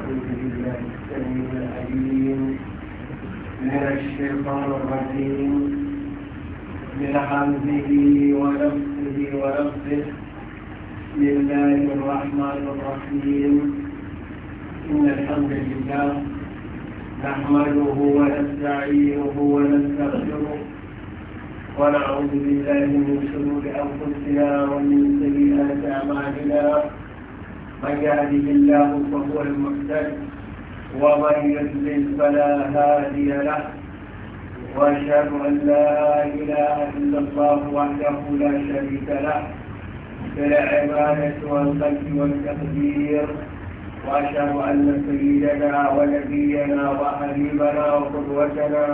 أعوذ بالله السميع العليم من الشيطان الرجيم من حمده ونفسه ونفسه بسم الله الرحمن الرحيم إن الحمد لله نحمده ونستعينه ونستغفره ونعوذ بالله من شرور أنفسنا ومن سيئات أعمالنا من يهده الله فهو المحسن ومن يضلل فلا هادي له واشهد ان لا اله الا الله وحده لا شريك له في العباده والخلق والتقدير واشهد ان سيدنا ونبينا وحبيبنا وقدوتنا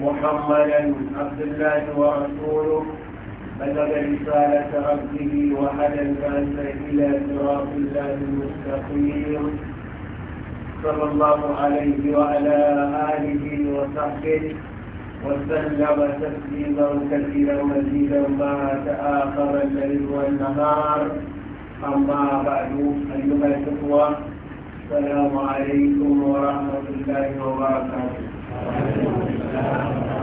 محمدا عبد الله ورسوله بلغ رسالة ربه وهدى الناس إلى صراط الله المستقيم صلى الله عليه وعلى آله وصحبه وسلم تسليما كثيرا مزيدا ما تآخر الليل والنهار أما بعد أيها الإخوة السلام عليكم ورحمة الله وبركاته.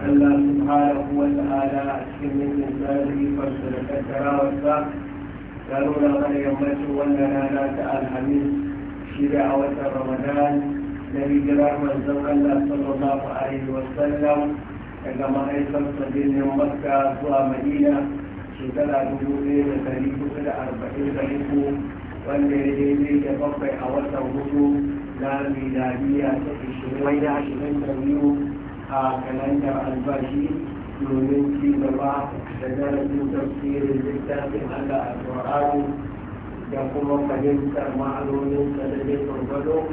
Allah subhanahu wa ta'ala a cikin yankin sarari farsa da kaddarawarsa ta. nuna mana yammacin wannan rana ta alhamis shida a watan ramadan na hijirar manzon Allah sallallahu alaihi wa sallam daga mahaifarsa birnin makka zuwa madina shekara dubu ɗaya da ɗari kusa da arba'in da uku wanda ya daidai da bakwai a watan hudu na miladiya ta ishirin da ashirin da biyu a kalandar albashi domin ci gaba da darasin tafsirin littafin Allah al-Qur'ani da kuma fahimtar ma'anonin sa da zai gwargwado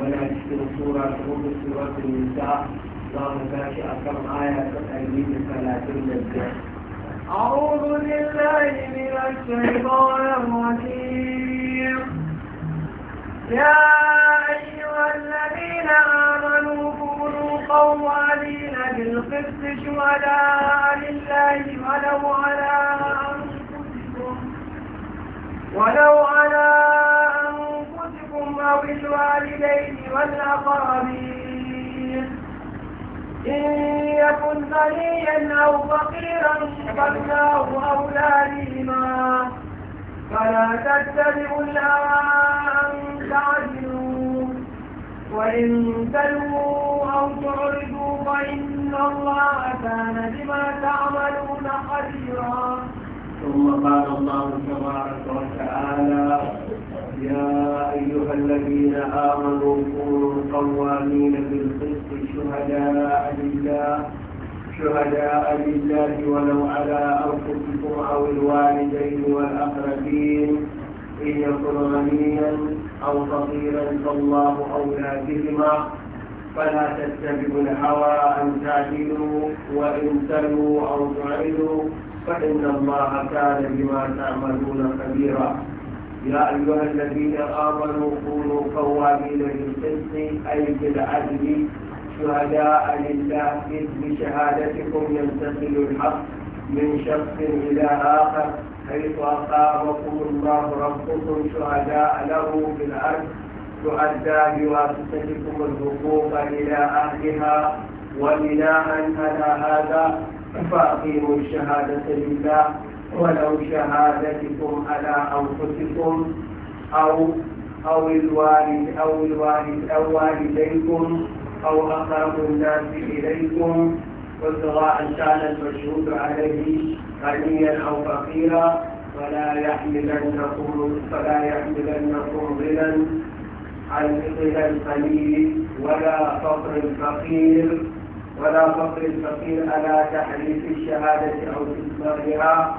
muna cikin sura ta hudu sura ta nisa za mu tashi a kan aya ta ɗari da talatin da biyar. أعوذ بالله من الشيطان الرجيم يا أيها الذين آمنوا علينا بالقسط شهداء لله ولو على أنفسكم ولو على أنفسكم أو الوالدين والأقربين إن يكن غنيا أو فقيرا فالله أولى بهما فلا تتبعوا الهوى أن تعدلوا وإن تلووا أو تعرضوا فإن الله كان بما تعملون خبيرا ثم قال الله تبارك وتعالى يا أيها الذين آمنوا كونوا قوامين بالقسط شهداء لله شهداء لله ولو على أنفسكم أو الوالدين والأقربين إن يكن غنيا أو فقيرا فالله أولى بهما فلا تتبعوا الهوى أن تعدلوا وإن تلوا أو تعدلوا فإن الله كان بما تعملون خبيرا يا أيها الذين آمنوا كونوا قوامين بالقسط أي بالعدل شهداء لله إذ بشهادتكم ينتقل الحق من شخص إلى آخر حيث أقامكم الله ربكم شهداء له في الأرض تؤدى بواسطتكم الحقوق إلى أهلها وبناء على هذا فأقيموا الشهادة لله ولو شهادتكم على أنفسكم أو أو الوالد أو الوالد أو والديكم أو أقرب الناس إليكم وسواء كان المشهود عليه غنيا او فقيرا ولا يحملنكم فلا يحملنكم غنى عن غنى القليل ولا فقر الفقير ولا فقر الفقير على تحريف الشهادة أو إسمارها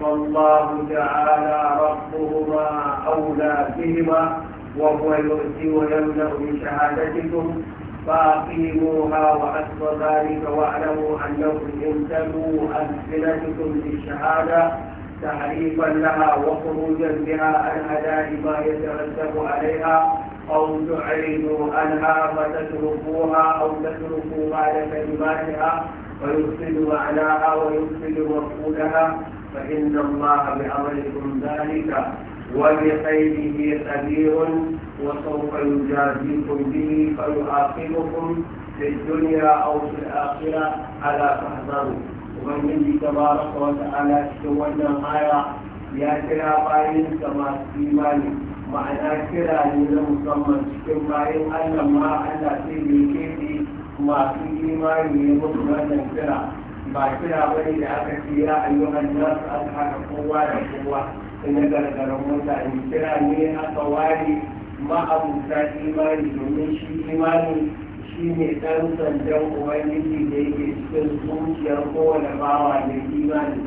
فالله تعالى ربهما أولى بهما وهو يؤتي ويمنع بشهادتكم فأقيموها وحسب ذلك واعلموا أنكم إن تلوا ألسنتكم للشهادة تحريفا لها وخروجا بها عن أداء ما يترتب عليها أو تعرضوا عنها فتتركوها أو تتركوا بعد كلماتها ويفسد معناها ويفسد مفقودها فإن الله بأمركم ذلك وبخيره خبير وسوف يجازيكم به فيعاقبكم في الدنيا او في الاخره الا تحذروا والنبي تبارك وتعالى تولى الغايه يا كلا قائل كما سيمان مع ذاكرة لنا مصمم شكل قائل أن ما أنا في بيكيتي ما في إيمان يمت من ذاكرة باكرة ولي لأكثير أيها الناس أضحك قوة قوة na mota mutane kira ne aka ware ma'abuta imani domin shi imani shi ne ɗan sandan ubangiji da yake cikin zuciyar kowane bawa da imani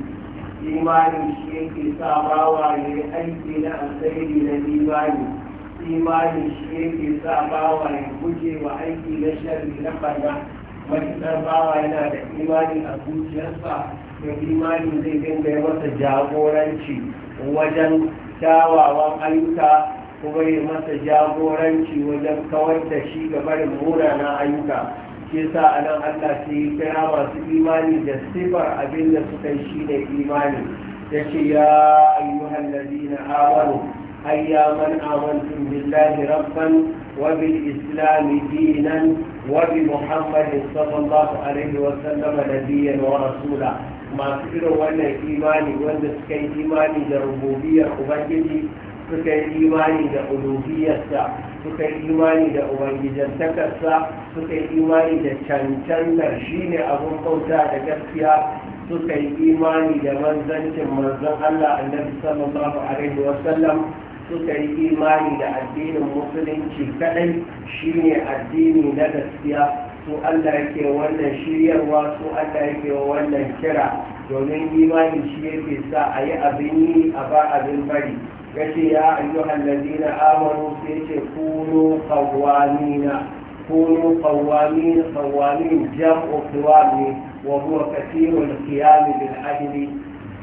imani shi yake sa bawa ya aiki na alkhairi na imani imani shi yake sa bawa ya guje wa aiki na sharri na bana matuƙar bawa yana da imani a zuciyarsa da imani zai dinga masa jagoranci wajen kyawawan ayyuka kuma ya masa jagoranci wajen kawar da shi ga barin na ayyuka shi sa a nan allah sai kira masu imani da sifar abin da suka yi shi da imani ya ce ya ayyuhan ladina amanu أيا من آمنتم بالله ربا وبالإسلام دينا وبمحمد صلى الله عليه وسلم نبيا rasula. masu irin wannan imani wanda suka yi imani da rububiyar ubangiji suka yi imani da ulubiyarsa suka yi imani da ubangijantakarsa suka yi imani da cancantar shi ne abin bauta da gaskiya suka yi imani da manzancin manzon Allah annabi sallallahu alaihi Sallam, suka yi imani da addinin musulunci kadai shine addini na gaskiya su Allah yake wannan shiryarwa su Allah yake wannan kira domin imani shi yake sa a yi abin yi a ba abin bari gashi ya ayyuhan ladina amanu sai yace kunu qawamina kunu qawamin qawamin jam'u ne wa huwa kathirul qiyam bil adli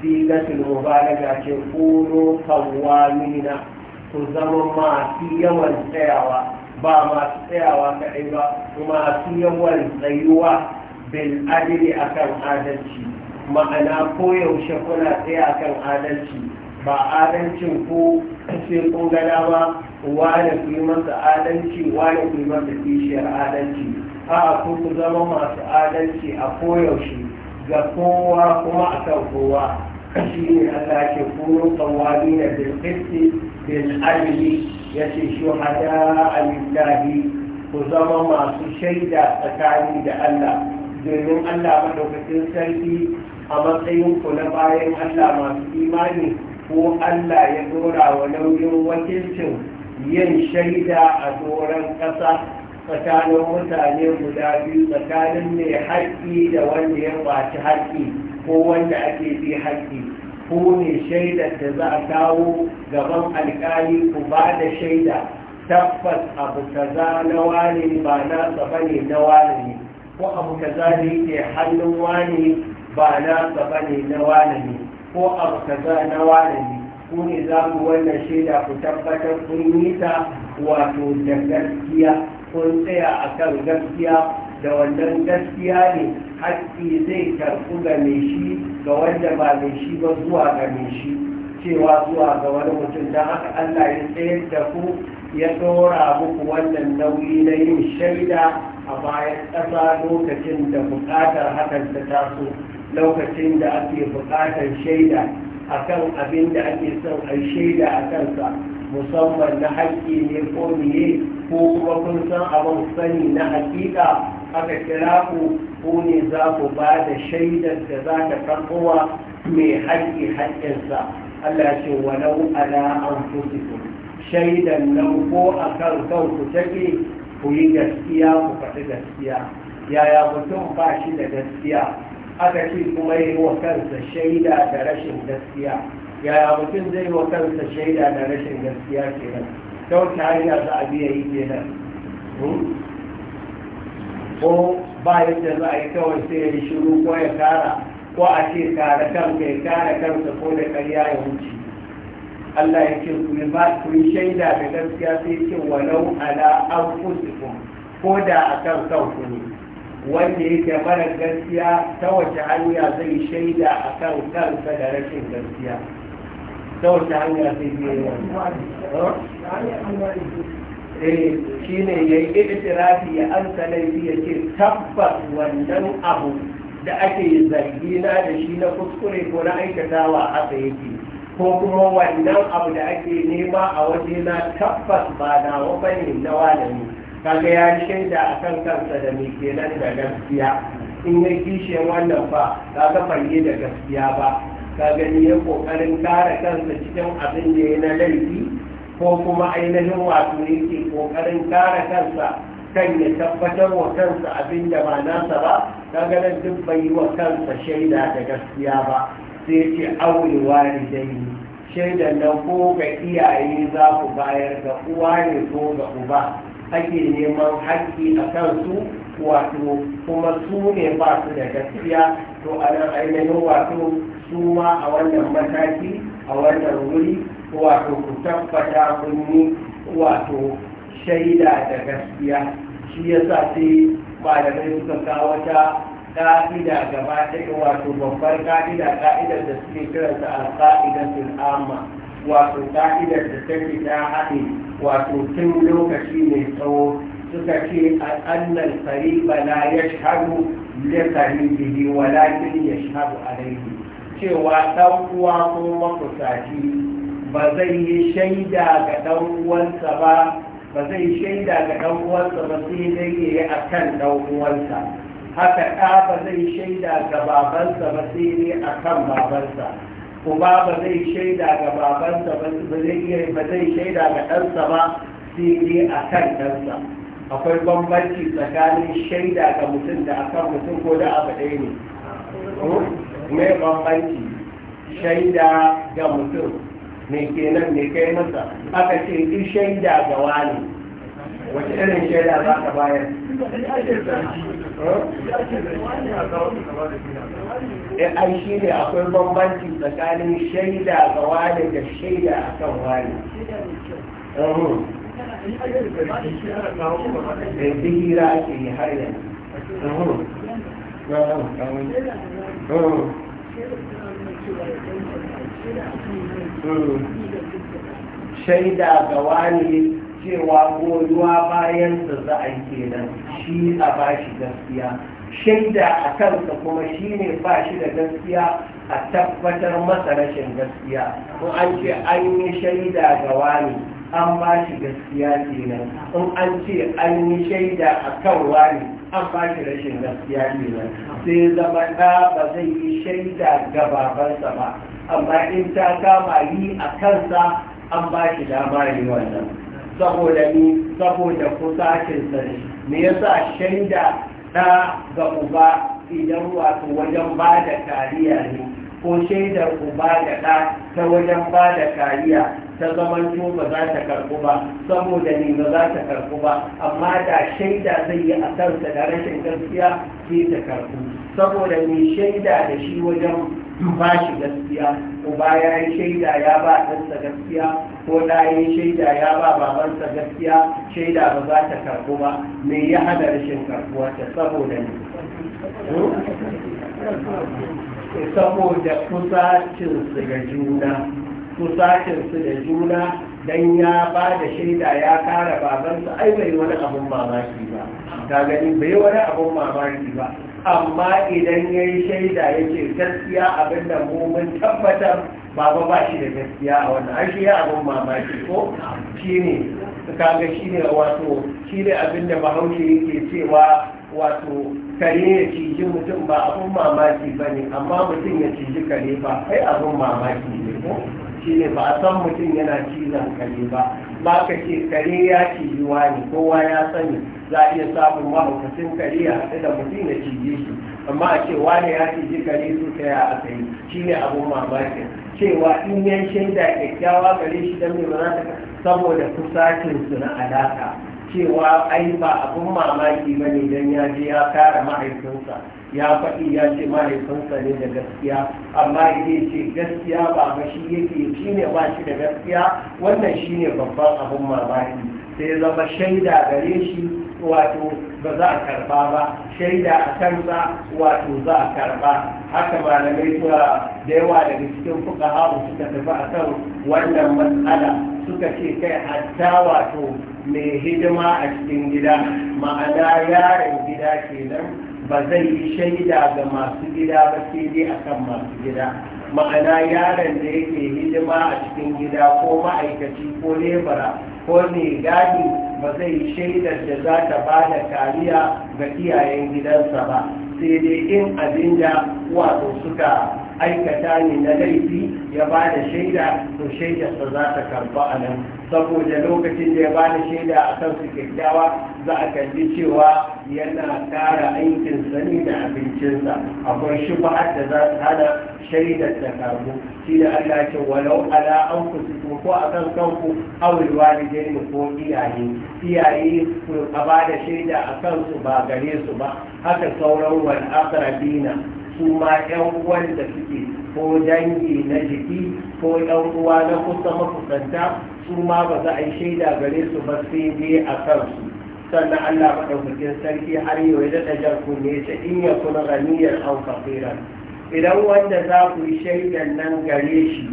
sigatul mubalaga ce kunu qawamina ku zama masu yawan tsayawa ba masu tsayawa kaɗai ba masu yawan tsayuwa bil adili akan adalci ma'ana koyaushe kuna tsaye akan adalci ba adalcin ko sai kun gana ba wani ku yi masa adalci wani ku kishiyar adalci a ku ku zama masu adalci a koyaushe ga kowa kuma akan kowa shi ne Allah ke kuro tsawani na bilkisti fil adli yace shuhada lillahi ku zama masu shaida tsakani da Allah domin Allah madaukakin sarki a matsayin ku na bayan Allah masu imani ko Allah ya dora wa nauyin wakilcin yin shaida a doron ƙasa tsakanin mutane guda biyu tsakanin mai haƙƙi da wanda ya ƙwaci haƙƙi ko wanda ake bi haƙƙi ku ne shaidar da za a kawo gaban alkali ku ba da shaida tabbas abu kaza na wani ba na tsaba ne na wani ne ko abu kaza ne ke hannun wani ba na tsaba ne na wani ne ko abu kaza na wani ne ku ne za ku wannan shaida ku tabbatar kun yi ta wato da gaskiya kun tsaya a kan gaskiya da wannan gaskiya ne haƙƙi zai karɓu ga mai shi ga wanda ba mai shi ba zuwa ga mai shi cewa zuwa ga wani mutum don haka Allah ya tsayar da ku ya ɗora muku wannan nauyi na yin shaida a bayan ƙasa lokacin da buƙatar hakan ta taso lokacin da ake buƙatar shaida a kan abin da ake son a shaida a kansa musamman na haƙƙi ne ko miye ko kuma kun san abin sani na haƙiƙa aka kira ku ku ne za ku ba da shaidar da za ka karɓowa mai haƙƙi haƙƙinsa Allah ce walau ala an fusikum shaidan nan ko a kan kanku take ku yi gaskiya ku faɗi gaskiya yaya mutum ba shi da gaskiya aka ce kuma yi wa kansa shaida da rashin gaskiya yaya mutum zai wa kansa shaida da rashin gaskiya kenan ta hanyar hanya za a biya yi kenan hmm? ko ba yadda za a yi kawai sai ya shiru ko ya kara ko a ce kare kanka ya kare kansa ko da karya ya wuce Allah ya ce ku ba ku yi shaida da gaskiya sai ce walau ala 'an ku ko da akan kanku ne wanda ya ke mara gaskiya ta wace hanya zai shaida a kan kansa da rashin gaskiya ta wace hanya zai biye wannan eh shi ne ya yi itirafi ya amsa laifi ya ce tabbas wannan abu da ake zargi na da shi na kuskure ko na aikatawa haka yake ko kuma wannan abu da ake nema a waje na tabbas ba nawa ne na wani kaga ya shaida a kan kansa da mai kenan da gaskiya in ya kishe wannan ba kaga yi da gaskiya ba ka gani ya kokarin kare kansa cikin abin da ya na laifi ko kuma ainihin wato yake kokarin kare kansa kan ya tabbatar wa kansa abin da ba nasa ba ta ganin duk bai yi wa kansa shaida da gaskiya ba sai ce aure walidai shaidan nan ko ga iyaye za ku bayar ga uwa ne ko ga uba ake neman haƙƙi a kansu wato kuma su ne ba su da gaskiya to a nan ainihin wato su ma a wannan mataki a wannan wuri wato ku tabbata kunni? wato shaida da gaskiya shi yasa sai malamai suka kawo wata ka'ida gaba ɗaya wato babbar ka'ida ka'idar da suke kiranta al-qa'idatul amma wato ka'idar da take ta haɗe wato tun lokaci mai tsawo suka ce annal fariba la ya li qaribihi walakin yashhadu alayhi cewa ɗan uwa ko makusaci ba zai yi shaida ga ɗan uwansa ba ba zai shaida ga ɗan uwansa ba sai dai yayi akan ɗan uwansa haka ɗa ba zai shaida ga babansa ba sai dai kan babansa uba ba zai shaida ga babansa ba zai ba zai shaida ga ɗansa ba sai dai a kan ɗansa akwai bambanci tsakanin shaida ga mutum da akan mutum ko da abu ɗaya ne mai hmm? bambanci shaida ga mutum me kenan me kai masa aka ce in shaida ga wani wace irin shaida za ka bayar eh ai shi ne akwai bambanci tsakanin shaida ga wani da shaida akan wani da bihira eh, ake yi har yanzu Oh, shaida ga wani cewa goyuwa bayansa za a yi kenan shi a shi gaskiya shaida a kansa kuma shi ne ba shi da gaskiya a tabbatar masa rashin gaskiya ko an ce an yi shaida ga wani an ba shi gaskiya kenan in an ce an yi shaida a kan wani an ba shi rashin gaskiya kenan sai zama ɗa ba zai yi shaida ga babansa ba amma in ta kama yi a kansa an ba shi dama yi wannan saboda ni saboda kusacinsa ne me yasa shaida ɗa ga uba idan wato wajen ba da kariya ne ko shaidar uba da ɗa ta wajen ba da kariya ta zamanto ba za ta karɓu ba saboda ni ba za ta karɓu ba amma da shaida zai yi a kansa da rashin gaskiya ke ta karɓu saboda ni shaida da shi wajen ba shi gaskiya uba ya yi shaida ya ba ɗansa gaskiya ko da ya yi shaida ya ba babansa gaskiya shaida ba za ta karɓu ba me ya hada rashin ta saboda ne hmm? saboda kusacinsu ga juna kusacinsu da juna don ya ba da shaida ya kara babansa ai bai wani abun mamaki ba ga gani bai wani abun mamaki ba amma idan ya yi shaida ya ce gaskiya abin da mun tabbatar baba ba shi da gaskiya a wannan an ya abin mamaki ko shi ne kaga shi ne wato shi ne abin da bahaushe yake cewa wato kare ya ciji mutum ba abin mamaki ba ne amma mutum ya ciji kare ba kai abin mamaki ne ko shi ne ba a san mutum yana cizon kare ba ba ka ce kare ya cijiwa ne kowa ya sani za a iya samun mahaukacin kare ya haɗu da mutum ya cije shi amma a cewa ne ya ciji kare su ta ya aka yi shi ne abun mamaki cewa in yan shaida kyakkyawa gare shi don mai ba saboda kusacin su na alaka cewa ai ba abin mamaki ba ne don ya je ya kare mahaifinsa ya faɗi ya ce mahaifinsa ne da gaskiya amma ya ce gaskiya ba ba shi yake shi ne ba shi da gaskiya wannan shi ne babban abin mamaki sai ya zama shaida gare shi wato ba za a karba ba shaida a kansa wato za a karba haka malamai suna da yawa daga cikin fuka suka tafi a kan wannan matsala suka ce kai hatta wato mai hidima a cikin gida ma'ana yaron gida kenan ba zai yi shaida ga masu gida ba sai dai akan masu gida ma'ana yaron da yake hidima a cikin gida ko ma'aikaci ko lebara ko mai gadi ba zai yi shaidar da za ta ba da kariya ga iyayen gidansa ba sai dai in abin da wato suka aikata ne na laifi ya ba da shaida to shaidarsa za ta karba a nan saboda lokacin da ya ba da shaida a kan su kyakkyawa za a kalli cewa yana kara aikin sani da abincinsa akwai shubha da za ta hana shaidar ta karbu shi da Allah ce walau ala an ku ko a kan kanku awul walidai ko iyaye iyaye ku ba da shaida a kansu ba gare su ba haka sauran wal aqrabina su ma yan uwan da suke ko dangi na jiki ko yan uwa na kusa makusanta su ma ba za a yi shaida gare su ba sai dai a kansu sannan Allah maɗaukakin sarki har yau ya daɗa jan kunne ta in ya kuna ganiyar an fakiran idan wanda za ku yi shaidan nan gare shi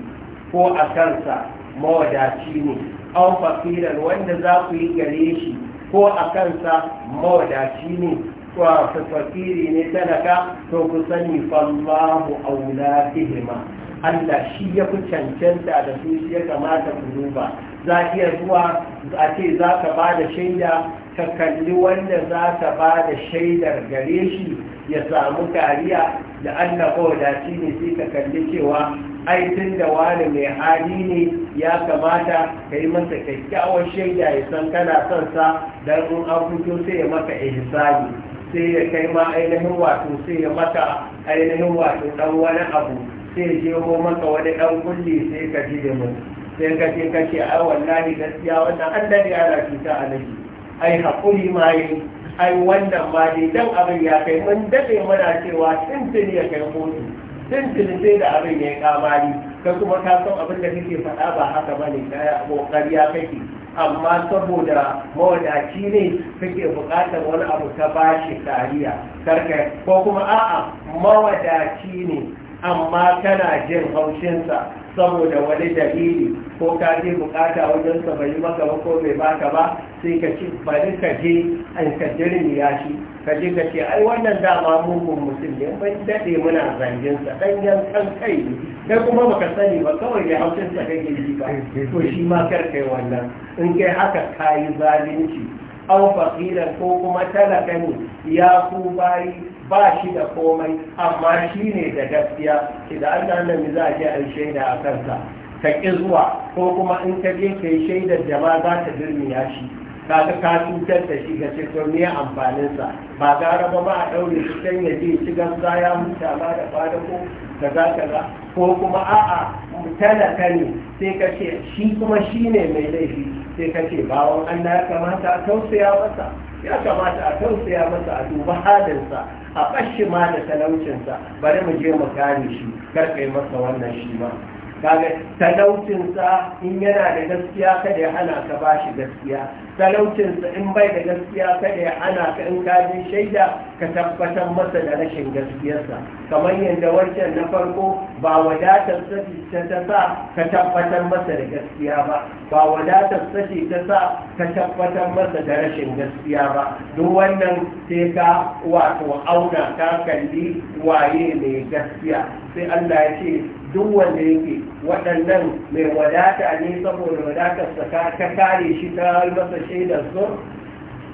ko a kansa mawadaci ne an fakiran wanda za ku yi gare shi ko a kansa mawadaci ne wa fakiri ne talaka to ku sani fallahu aula fihima Allah shi ya fi cancanta da su shi ya kamata ku duba za iya zuwa a ce za ka ba da shaida ka kalli wanda za ka ba da shaidar gare shi ya samu kariya da Allah shi ne sai ka kalli cewa ai tun da wani mai hali ne ya kamata ka yi masa kyakkyawar shaida ya san kana son sa don in an sai ya maka ihsani sai ya kai ma ainihin wato sai ya mata ainihin wato dan wani abu sai ya jeho maka wani dan kulli sai ka ji da mu sai ka ce ka ce, ai wallahi gaskiya wannan an dade ya cuta ta alaji ai hakuri ma yi ai wannan ma dai dan abin ya kai mun dade muna cewa Tintin ya kai kotu Tintin sai da abin ya kamari ka kuma ka san abin da kake faɗa ba haka bane ne, abokar ya kake amma saboda mawadaci ne suke buƙatar wani abu ta shi tariya karka ko kuma a'a mawadaci ne amma tana jin haushinsa saboda wani dalili ko ka je bukata wajen sa bai maka ba ko bai baka ba sai ka ci bari ka je an ka ya shi ka je ka ce ai wannan dama mugun mutum ne bai dade muna zangin sa dan yan kan kai kai kuma baka sani ba kawai ya haushin sa kake ji ba to shi ma kar kai wannan in kai haka kayi zalunci Au fakiran ko kuma talaka ne ya ku bayi ba shi da komai amma shi ne da gaskiya idan da Allah nan za a je a shaida a kansa ka ƙi zuwa ko kuma in ka je ka shaidar da ma za ta dirmiya shi Kaka ka cutar da shi ga cikin ne amfaninsa ba gara ba ba a daure shi can ya je shi Gamsa ya huta ma da fada ko kaza kaza ko kuma a'a talaka ne sai ka ce shi kuma shi ne mai laifi sai ka ce bawon Allah ya kamata a tausaya masa ya kamata a tausaya masa a duba halinsa a bashi ma da talaucinsa bari mu je mu gane shi karkai masa wannan shi ba. kaga talaucinsa in yana da gaskiya kada ya hana ka ba shi gaskiya talaucinsa in bai da gaskiya kada ya hana ka in ka ji shaida ka tabbatar masa da rashin gaskiyarsa kamar yadda wancan na farko ba wadatar sashi ta ta sa ka tabbatar masa da gaskiya ba ba wadatar sashi ta sa ka tabbatar masa da rashin gaskiya ba duk wannan sai ka wato auna ka kalli waye mai gaskiya sai Allah ya ce duk wanda yake waɗannan mai wadata ne saboda wadatarsa ta kare shi ta masa shaidar su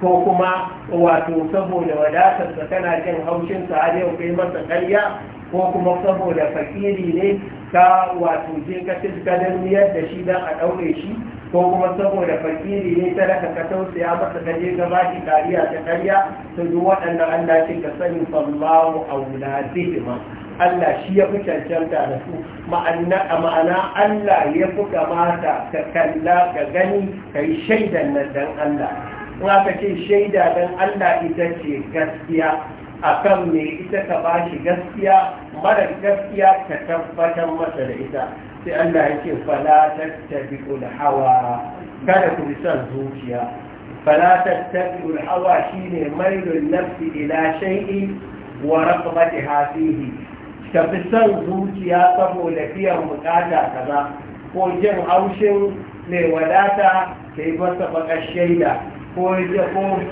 ko kuma wato saboda wadatarsa tana jin haushin haushinsa har yau kai masa ƙarya ko kuma saboda fakiri ne ka wato je ka tilkalin miyar da shi don a ɗaure shi ko kuma saboda fakiri ne ta raka ka tausaya masa ka je gaba shi kariya ta ƙarya to duk waɗannan Allah dace ka sani sallahu aula zihima Allah shi ya fi cancanta da su ma'ana Allah ya fi mata ka kalla ka gani ka yi shaidan nan dan Allah Kuma ka ce shaida dan Allah ita ce gaskiya a kan me ita ka ba shi gaskiya mara gaskiya ka tabbatar masa da ita sai Allah ya ce fala tattabi'ul hawa kada ku san zuciya fala tattabi'ul hawa shine mailun nafsi ila shay'in wa raqabatiha fihi tafi son zuciya saboda biyan bukata kaza ko jin haushin mai wadata ka yi masa bakar shaida ko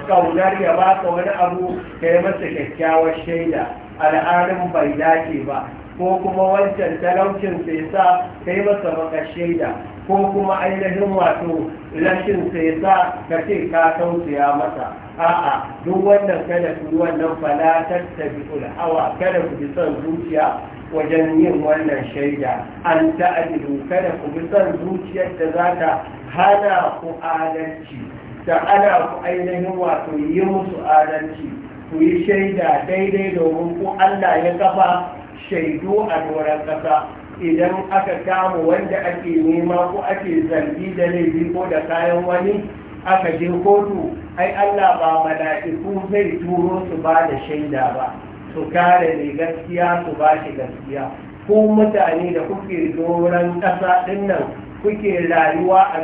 kaunar ya baka wani abu ka yi masa kyakkyawar shaida al'adun bai dace ba ko kuma wancan talaucin sai sa ka yi masa bakar shaida ko kuma ainihin wato rashin sai sa ka ce ka tausaya masa a'a duk wannan kada ku yi wannan fala tattabi'ul hawa kada ku bi son zuciya wajen yin wannan shaida an ta'adilu kada ku bi son zuciyar da za ta hana ku adalci da ana ku ainihin wato yi musu adalci ku yi shaida daidai domin ku Allah ya kafa shaidu a doron kasa, idan aka kama wanda ake nema ko ake zargi da laifi ko da kayan wani aka je kotu ai Allah ba mala'iku zai turo su ba da shaida ba su kare ne gaskiya su ba shi gaskiya ko mutane da kuke doron ƙasa ɗin kuke rayuwa a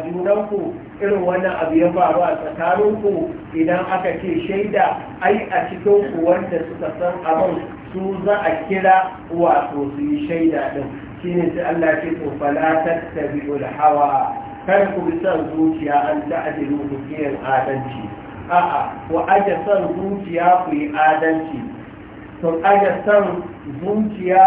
ku irin wannan abu ya faru a tsakaninku idan aka ce shaida ai a cikin ku wanda suka san abin su za a kira wato su yi shaida ɗin shine sai Allah ce to fala tattabi'ul hawa kar ku bi son zuciya an ta'adilu ku kiyan adalci a'a ku aje san zuciya ku yi adalci to aje son zuciya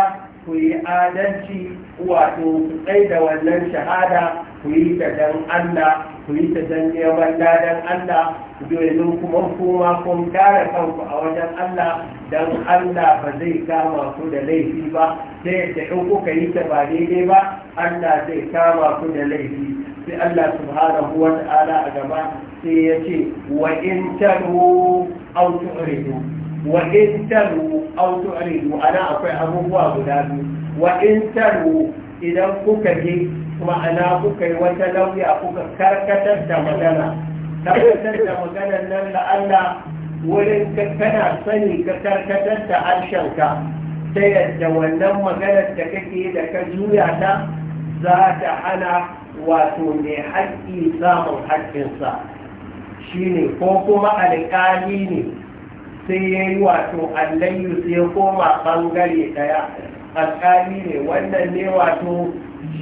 ku yi adalci wato ku tsaye da wannan shahada ku yi ta dan Allah ku yi ta dan neman dan Allah domin kuma kuma kun kare kanku a wajen Allah dan Allah ba zai kama ku da laifi ba sai da in kuka yi ta ba daidai ba Allah zai kama ku da laifi sai Allah subhanahu wa ta'ala a gaba sai ya ce wa in taru aw tu'ridu wa in taru aw tu'ridu ana akwai abubuwa guda biyu wa in taru idan kuka kuka yi wata lauya kuka karkatar da magana karkatar da maganar nan da Allah wurin kana sani ka karkatar da harshenka ta yadda wannan maganar da kake da ka juya ta za ta hana wato mai haƙƙi samun haƙƙinsa shi ne ko kuma alƙali ne sai ya yi wato allayu sai koma ɓangare ɗaya alƙali ne wannan ne wato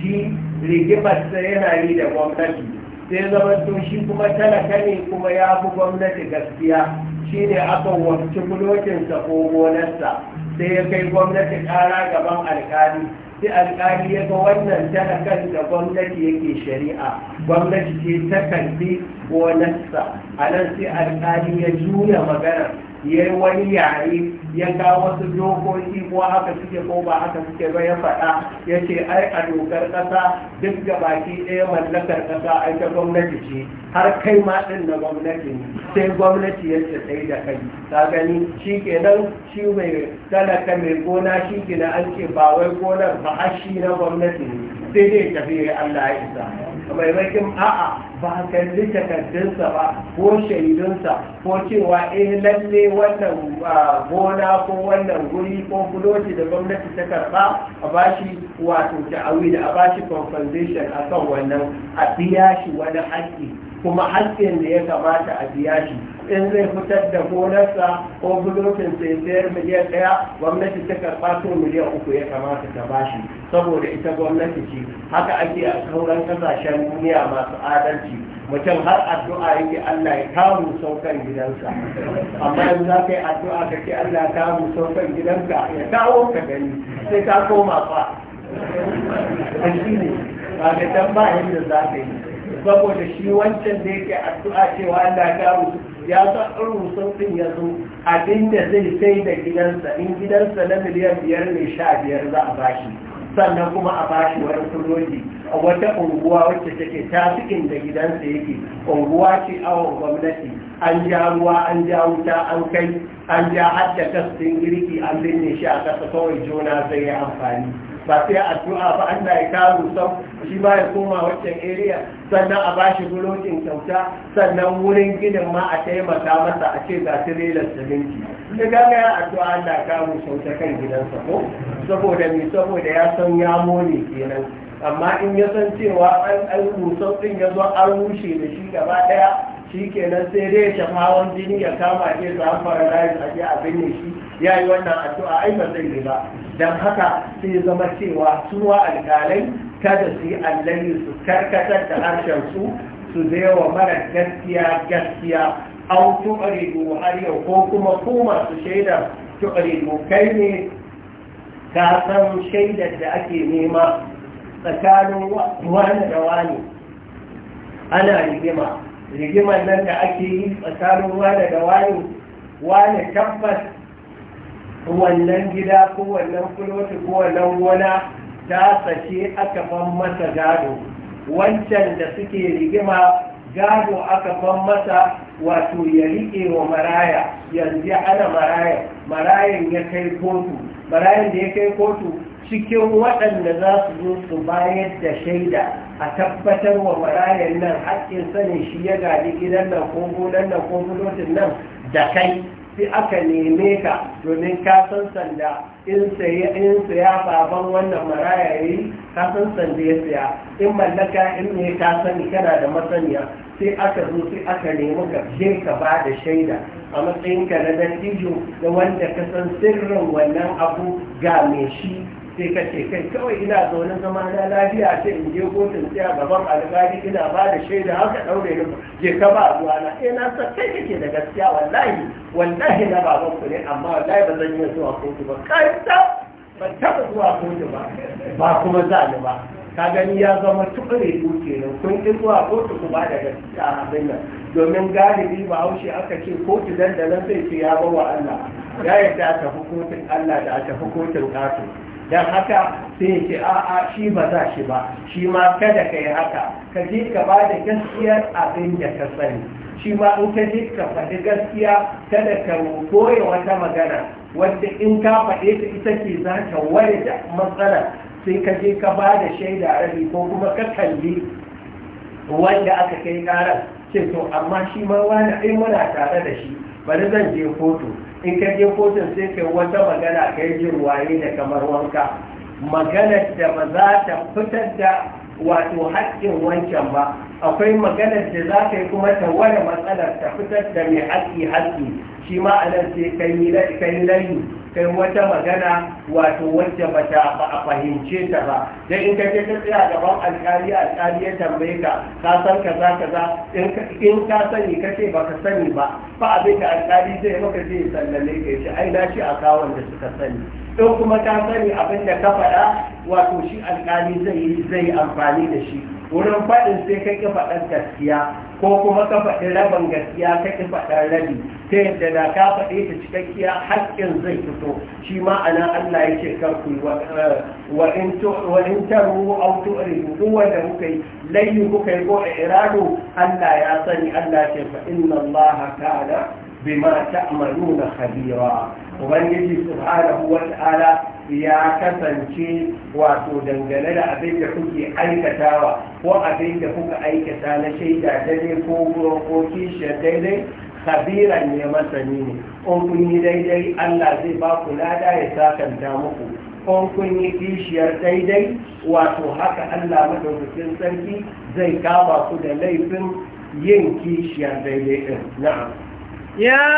shi rigibarsa yana yi da gwamnati sai zama to shi kuma talaka ne kuma ya fi gwamnati gaskiya shi ne aka wanci bulokinsa ko gonarsa sai ya kai gwamnati ƙara gaban alƙali sai alƙali ya ga wannan talakan da gwamnati yake shari'a gwamnati ce ta kalli gonarsa a nan sai alƙali ya juya magana yayi wani yare ya ga wasu dokoki ko haka suke ko ba haka suke ba ya faɗa ya ce ai a dokar ƙasa duk da baki ɗaya mallakar ƙasa ai ta gwamnati ce har kai ma ɗin na gwamnati ne sai gwamnati ya ce sai da kai ka gani shi kenan shi mai talaka mai gona shi kenan an ce ba wai gonar ba a shi na gwamnati ne sai dai tafi Allah ya isa maimakin a'a ba a kalli takardunsa ba ko shaidunsa ko cewa eh lalle wannan ah, gona ko wannan guri ko fuloti da gwamnati ta karba a bashi wato ta'awi da a bashi compensation a kan wannan a biya shi wani haƙƙi kuma haƙƙin da ya kamata a biya shi in zai fitar da gonarsa ko bulokin sai sayar miliyan ɗaya gwamnati ta karɓa to miliyan uku ya kamata ta bashi saboda ita gwamnati ce haka ake a sauran kasashen duniya masu adalci mutum har addu'a yake Allah ya kawo saukan gidansa amma yanzu za ka yi addu'a ka ce Allah ya kawo saukan gidanka ya kawo ka gani sai ka koma fa shi ne ba ka ba yadda za ka yi saboda shi wancan da yake addu'a cewa Allah ya kawo ya sa ɗaru sauƙin ya zo abinda zai sai da gidansa in gidansa na miliyan biyar mai sha biyar za a bashi sannan kuma a bashi wani kuloji a wata unguwa wacce take tafikin da gidansa yake unguwa ce awon gwamnati an ja ruwa an ja wuta an kai an ja hadda ɗin girki an binne shi a ƙasa kawai juna zai yi amfani ba sai addu'a ba Allah ya kawo sau shi ba ya koma waccan area sannan a bashi bulokin kyauta sannan wurin ginin ma a taimaka masa a ce ga rilar siminti da gaga ya addu'a Allah ya kawo sau ta kan gidansa ko saboda me saboda ya san ya mone kenan amma in ya san cewa an an din ya zo an rushe da shi gaba daya shi kenan sai dai shafawan jini ya kama ke zafara paralyze a je a ne shi ya yi wannan addu'a ai ba zai ba don haka sai zama cewa suwa alƙalai kada su yi allayi su karkatar da harshensu su zai wa mara gaskiya gaskiya au tuɓaridu har yau ko kuma kuma su shaidar tuɓaridu kai ne ka san shaidar da ake nema tsakanin wani da wani ana rigima rigimar nan da ake yi tsakanin wani da wani wani tabbas wannan gida ko wannan fuloti ko wannan gona ta sace aka ban masa gado wancan da suke rigima gado aka ban masa wato ya riƙe wa maraya yanzu ya ana maraya marayan ya kai kotu marayan da ya kai kotu cikin waɗanda za su zo su bayar da shaida a tabbatar wa marayan nan haƙƙin sanin shi ya gadi gidan nan ko gonan nan ko bulotin nan da kai sai aka neme ka domin ka san sanda in saya baban wannan maraya yi ka san sanda ya saya in mallaka in ne ka sani kana da masaniya sai aka zo sai aka nemi ka je ka ba da shaida a matsayin ka na dattijo da wanda ka san sirrin wannan abu ga mai shi sai ka ce kai kawai ina zaune zama na lafiya ce in je kotun tsaya gaban alƙali ina ba da shaida haka ɗaure ni je ka ba ruwa na sa eh, na san kai kake da gaskiya wallahi wallahi na baban ku ne amma wallahi ba zan yi zuwa kotu ba kai ta ba taɓa zuwa kotu ba ba kuma za ni ba ka gani ya zama tukure duke nan kun ki zuwa kotu ku ba da gaskiya abin nan domin galibi ba haushe aka ce kotu dandanan zai ce ya bawa Allah ya yarda a tafi kotun Allah da a tafi kotun kafin don haka sai ce a'a shi ba za shi ba shi ma kada ka yi haka ka je ka ba da gaskiyar abin da ka sani shi ma in ka je ka faɗi gaskiya kada ka koya wata magana wanda in ka faɗe ta ita ce za ta ware da matsala sai ka je ka ba da shaida rabi ko kuma ka kalli wanda aka kai karar ce to amma shi ma wani ai muna tare da shi bari zan je kotu in ka je kotun sai ka wata magana kai jin waye da kamar wanka magana da ba za ta fitar da wato haƙƙin wancan ba akwai magana da za ka yi kuma ta wani matsalar ta fitar da mai haƙƙi haƙƙi shi ma a nan sai kai layi kai wata magana wato wacce ba ta fahimce ta ba dan in ka je ka tsaya gaban alƙali alƙali ya tambaye ka ka san kaza kaza in ka sani ka ce baka sani ba ba abin da alƙali zai maka ya sallame ka shi ai na ce a kawon da suka sani in kuma ka sani abin da ka faɗa wato shi alƙali zai zai amfani da shi wurin faɗin sai kai ka faɗan gaskiya ko kuma ka faɗi rabin gaskiya ka ki faɗa rabi ta yadda da ka faɗi ta cikakkiya haƙƙin zai fito shi ma ana Allah ya ce karku eh, wa in taru aw tu'ridu wanda kuka yi layyu kuka yi ko irado Allah ya sani Allah ce fa inna Allah kana bima ta'maluna khabira ubangiji subhanahu wata'ala ya kasance wato dangane da abin da kuke aikatawa ko abin da kuka aikata na shaida daidai ko ko kishiyar daidai khabiran ne masani ne Kun kun yi daidai Allah zai ba ku lada ya sakanta muku in kun yi kishiyar daidai wato haka Allah madaukakin sarki zai kama ku da laifin yin kishiyar daidai din na'am يا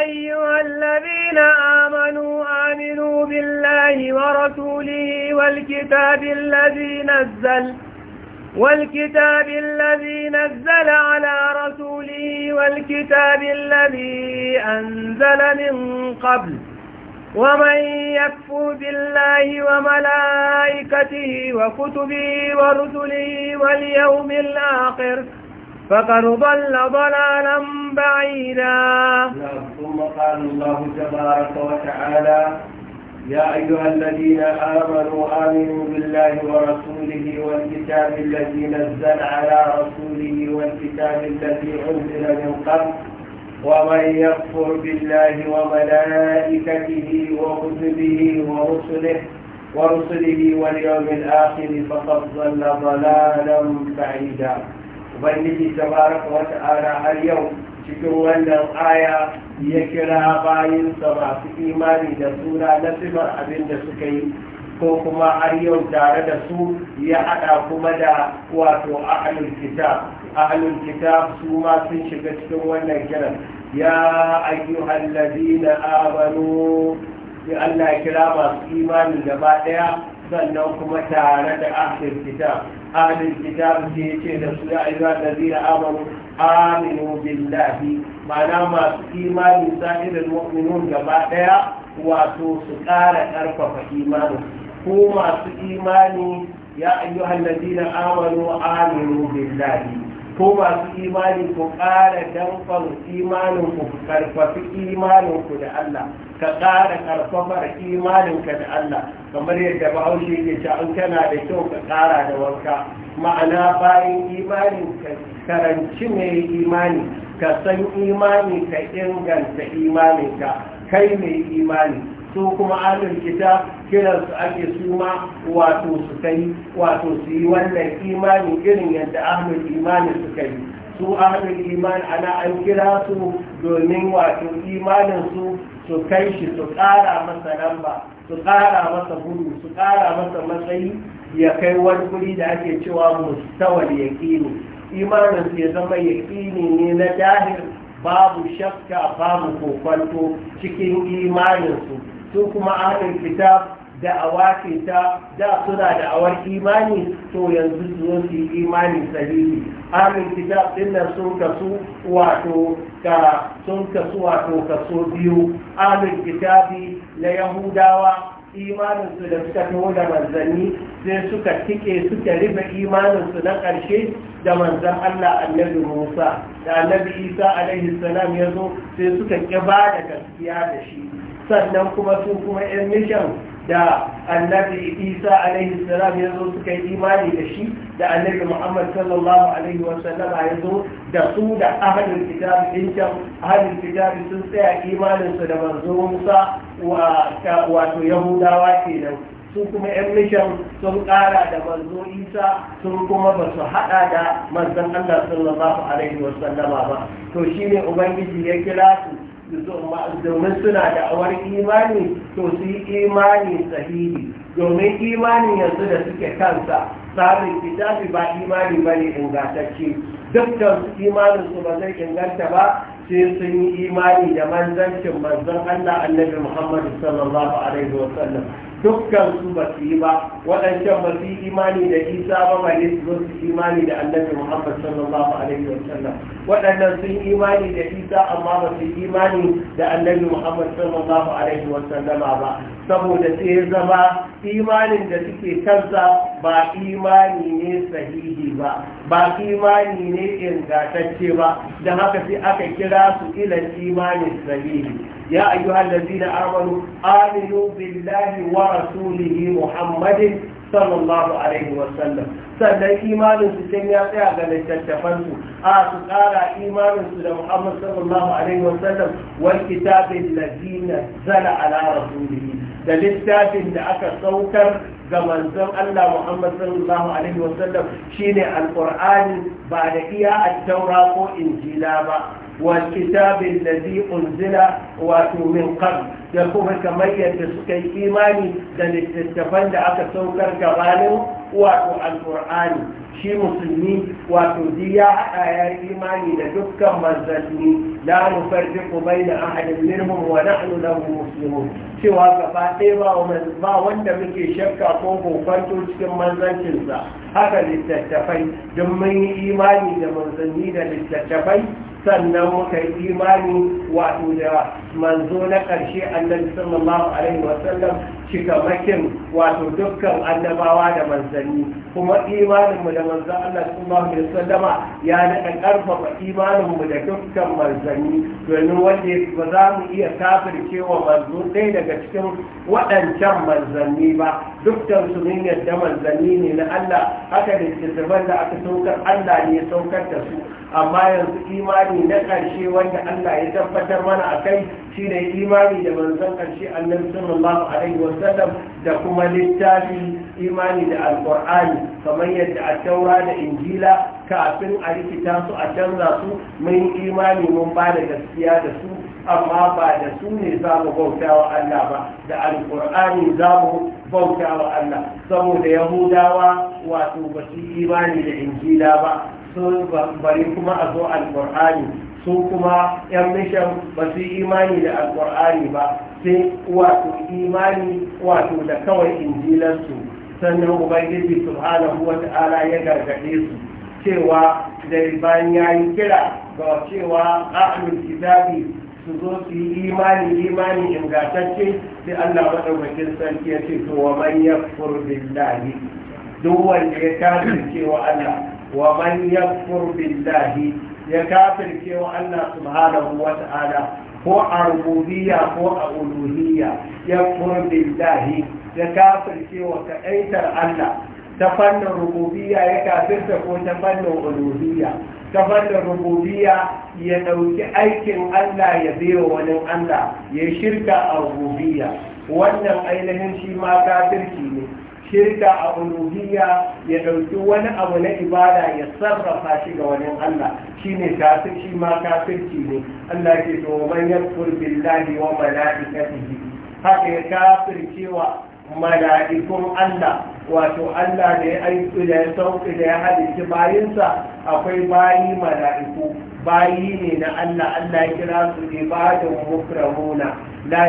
أيها الذين آمنوا آمنوا بالله ورسوله والكتاب الذي نزل والكتاب الذي نزل على رسوله والكتاب الذي أنزل من قبل ومن يكفر بالله وملائكته وكتبه ورسله واليوم الآخر ۖ فقد ضل ضلالا بعيدا نعم، ثم قال الله تبارك وتعالى يا أيها الذين آمنوا آمنوا بالله ورسوله والكتاب الذي نزل على رسوله والكتاب الذي أنزل من قبل ومن يكفر بالله وملائكته وكتبه ورسله ورسله واليوم الآخر فقد ضل ضلالا بعيدا ubangiji tabaraka wa ta'ala har yau cikin wannan aya ya kira bayinsa masu imani da suna na sifar abin da suka yi ko kuma har yau tare da su ya haɗa kuma da wato ahlul kitab ahlul kitab su ma sun shiga cikin wannan kiran ya ayyuhal ladina amanu ya Allah kira masu imani gaba ɗaya sannan kuma tare da ahlul kitab أهل الكتاب تيتي لسوء أيها الذين آمنوا آمنوا بالله معنى ما إيمان سائر المؤمنون جماعة واتو سكارة أرفق إيمانه هو ما إيماني يا أيها الذين آمنوا آمنوا بالله ko masu imani ku ƙara damfan imaninku ku karfafi imaninku da Allah ka ƙara ƙarfafar imaninka da Allah kamar yadda bahaushe ke ce an kana da kyau ka ƙara da wanka ma'ana bayan imanin ka karanci mai imani ka san imani ka inganta imaninka kai mai imani su kuma alin kita su ake suma wato su kai wato su yi wannan imani irin yadda Ahmad imani suka yi su ahmad iman ana an kira su domin wato imanin su su kai shi su ƙara masa lamba su ƙara masa gudu su ƙara masa matsayi ya kai wani guri da ake cewa mustawar yaƙini imanin ya zama yaƙini ne na dahir babu shakka babu kokwanto cikin imaninsu su kuma ahlul kitab Da ce ta da suna da awar imani to yanzu zuwa su yi imani sahihi amin kitab dinnan sun kasu wato ka sun kasu wato kaso biyu amin kitabi na yahudawa imaninsu da suka taho da manzanni sai suka tike suka riba imaninsu na ƙarshe da manzan Allah annabi Musa da annabi Isa alaihi salam ya zo sai suka ƙi ba da gaskiya da shi sannan kuma su kuma 'yan mishan da annabi isa alaihi salam ya zo suka yi imani da shi da annabi muhammad sallallahu alaihi sallam ya zo da su da ahalin kitabi din can ahalin kitabi sun tsaya su da manzo musa wato yahudawa kenan su kuma yan mishan sun kara da manzo isa sun kuma ba su hada da manzon allah sallallahu alaihi sallama ba to shine ubangiji ya kira su domin suna da awar imani to su yi imani sahihi domin imanin yanzu da suke kansa sabin kitabi ba imani ba ne ingantacce dukkan imanin su ba zai inganta ba sai sun yi imani da manzancin manzan Allah annabi Muhammadu sallallahu alaihi wasallam dukkan su ba su yi ba waɗancan ba su yi imani da isa ba ba ne su su imani da annabi muhammad sallallahu alaihi wa sallam waɗannan sun imani da isa amma ba su imani da annabi muhammad sallallahu alaihi wa sallama ba saboda sai ya zama imanin da suke kansa ba imani ne sahihi ba ba imani ne ingantacce ba don haka sai aka kira su ilan imanin sahihi يا أيها الذين آمنوا آمنوا بالله ورسوله محمد صلى الله عليه وسلم sannan imaninsu can ya tsaya ga littattafansu a su tsara imaninsu da muhammad sallallahu alaihi wasallam wal kitabin ladina zala ala rasulihi da littafin da aka saukar ga manzon Allah Muhammad sallallahu alaihi wasallam shine alqur'ani ba da iya at-taura ko injila ba والكتاب الذي أنزل واتو من قبل يقوم كمية يتسكي إيماني دل التفن لأك سوكر كغالب واتو القرآن shi musulmi wato duk ya haɗa ya imani da dukkan manzanni la nufarriqu baina ahadin minhum wa nahnu lahu muslimun cewa gaba ɗaya ba wanda muke shakka ko kokonto cikin manzancinsa haka littattafai don mun yi imani da manzanni da littattafai sannan muka yi imani wato da manzo na ƙarshe annabi sallallahu alaihi wasallam wato dukkan annabawa da manzanni kuma imaninmu da da manzo Allah sallallahu alaihi wasallama ya daɗa ƙarfafa imanin mu da dukkan manzanni domin wanda ba za mu iya kafircewa manzo ɗaya daga cikin waɗancan manzanni ba dukkan su mun yadda manzanni ne na Allah haka da da aka saukar Allah ne ya saukar da su amma yanzu imani na ƙarshe wanda Allah ya tabbatar mana a kai shi ne imani da manzon ƙarshe annabi sallallahu alaihi wasallam da kuma littafi imani da alƙur'ani kamar yadda a taura da injila kafin a rikita su a canza su mun imani mun ba da gaskiya da su amma ba da su ne za mu bauta wa Allah ba da alƙur'ani za mu bauta wa Allah saboda yahudawa wato ba su imani da injila ba sun bari kuma a zo alkur'ani su kuma yan mishan ba su imani da alkur'ani ba sai wato imani wato da kawai injilansu sannan ubangiji subhanahu wa ta'ala ya gargaɗe su cewa da bayan ya yi kira ga cewa ahlul kitabi su zo su yi imani imani ingantacce sai Allah madaukakin sarki ya ce to wa man yakfur billahi duk wanda ya kafirce cewa Allah wa man yakfur billahi ya kafirce cewa Allah subhanahu wa ta'ala ko a rububiyya ko a uluhiyya yakfur billahi ya kafirce wa kaɗaitar Allah ta fannin rububiyya ya kafirta ko ta fannin uluhiyya ta fannin rububiyya ya ɗauki aikin Allah ya biyo wani Allah ya shirka a rububiyya wannan ainihin shi ma kafirci ne shirka a uluhiyya ya ɗauki wani abu na ibada ya sarrafa shi ga wani Allah shine kafin shi ma kafirci ne Allah ke to ya billahi wa malaikatihi haka ya kafircewa mala'ikun Allah wato Allah da ya aiki da ya sauƙi da ya halitta bayinsa akwai bayi mala'iku bayi ne na Allah Allah ya kira su ibadun mukramuna la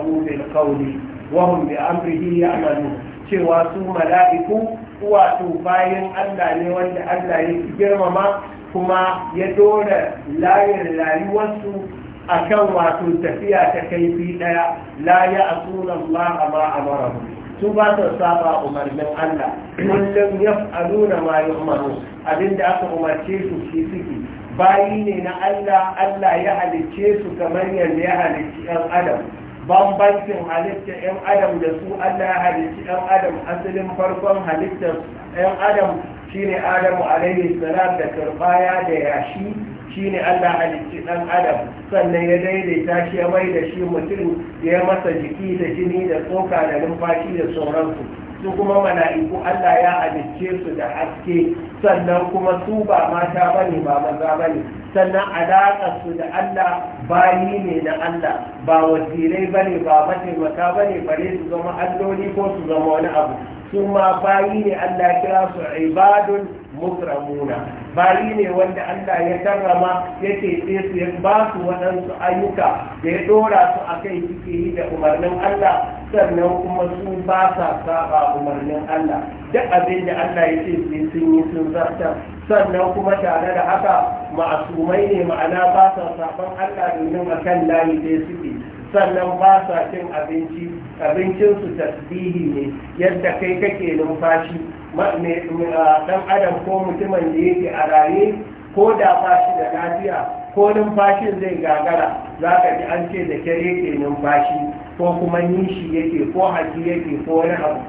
hu bil qawli wa hum bi amrihi ya'malun cewa su mala'iku wato bayan Allah ne wanda Allah ya fi girmama kuma ya dora layin rayuwarsu a kan wato tafiya ta kaifi ɗaya la ya asuna Allah ma su ba su saba umarnin Allah kullum ya aluna ma ya umaru abinda aka umarce su shi suke bayi ne na Allah Allah ya halicce su kamar yadda ya halicci ɗan adam bambancin halitta 'yan adam da su allah ya halitta 'yan adam asalin farkon halittar 'yan adam shine adamu alaihi salam da karbaya da yashi shine allah halitta ɗan adam sannan ya daidaita shi ya mai da shi mutum ya masa jiki da jini da tsoka da numfashi da sauransu su kuma mala'iku Allah ya halicce su da haske sannan kuma su ba mata bane ba maza bane sannan alaƙar su da Allah bayi ne na Allah ba wasirai bane ba mataimaka bane bare su zama alloli ko su zama wani abu su ma bayi ne Allah kira su ibadun mukramuna bayi ne wanda Allah ya karrama ya ce su ya ba su waɗansu ayyuka da ya ɗora su a kai suke yi da umarnin Allah sannan kuma su ba sa saba umarnin Allah duk abin da Allah ya ce sai sun yi sun zarta sannan kuma tare da haka ma'asumai ne ma'ana ba sa saban Allah domin a kan layi dai suke sannan ba sa cin abinci abincinsu tasbihi ne yadda kai kake numfashi dan adam ko mutumin da yake a raye ko da ba shi da lafiya ko numfashin zai gagara za ka ji an ce da kere ke numfashi ko kuma nishi yake ko haji yake ko wani abu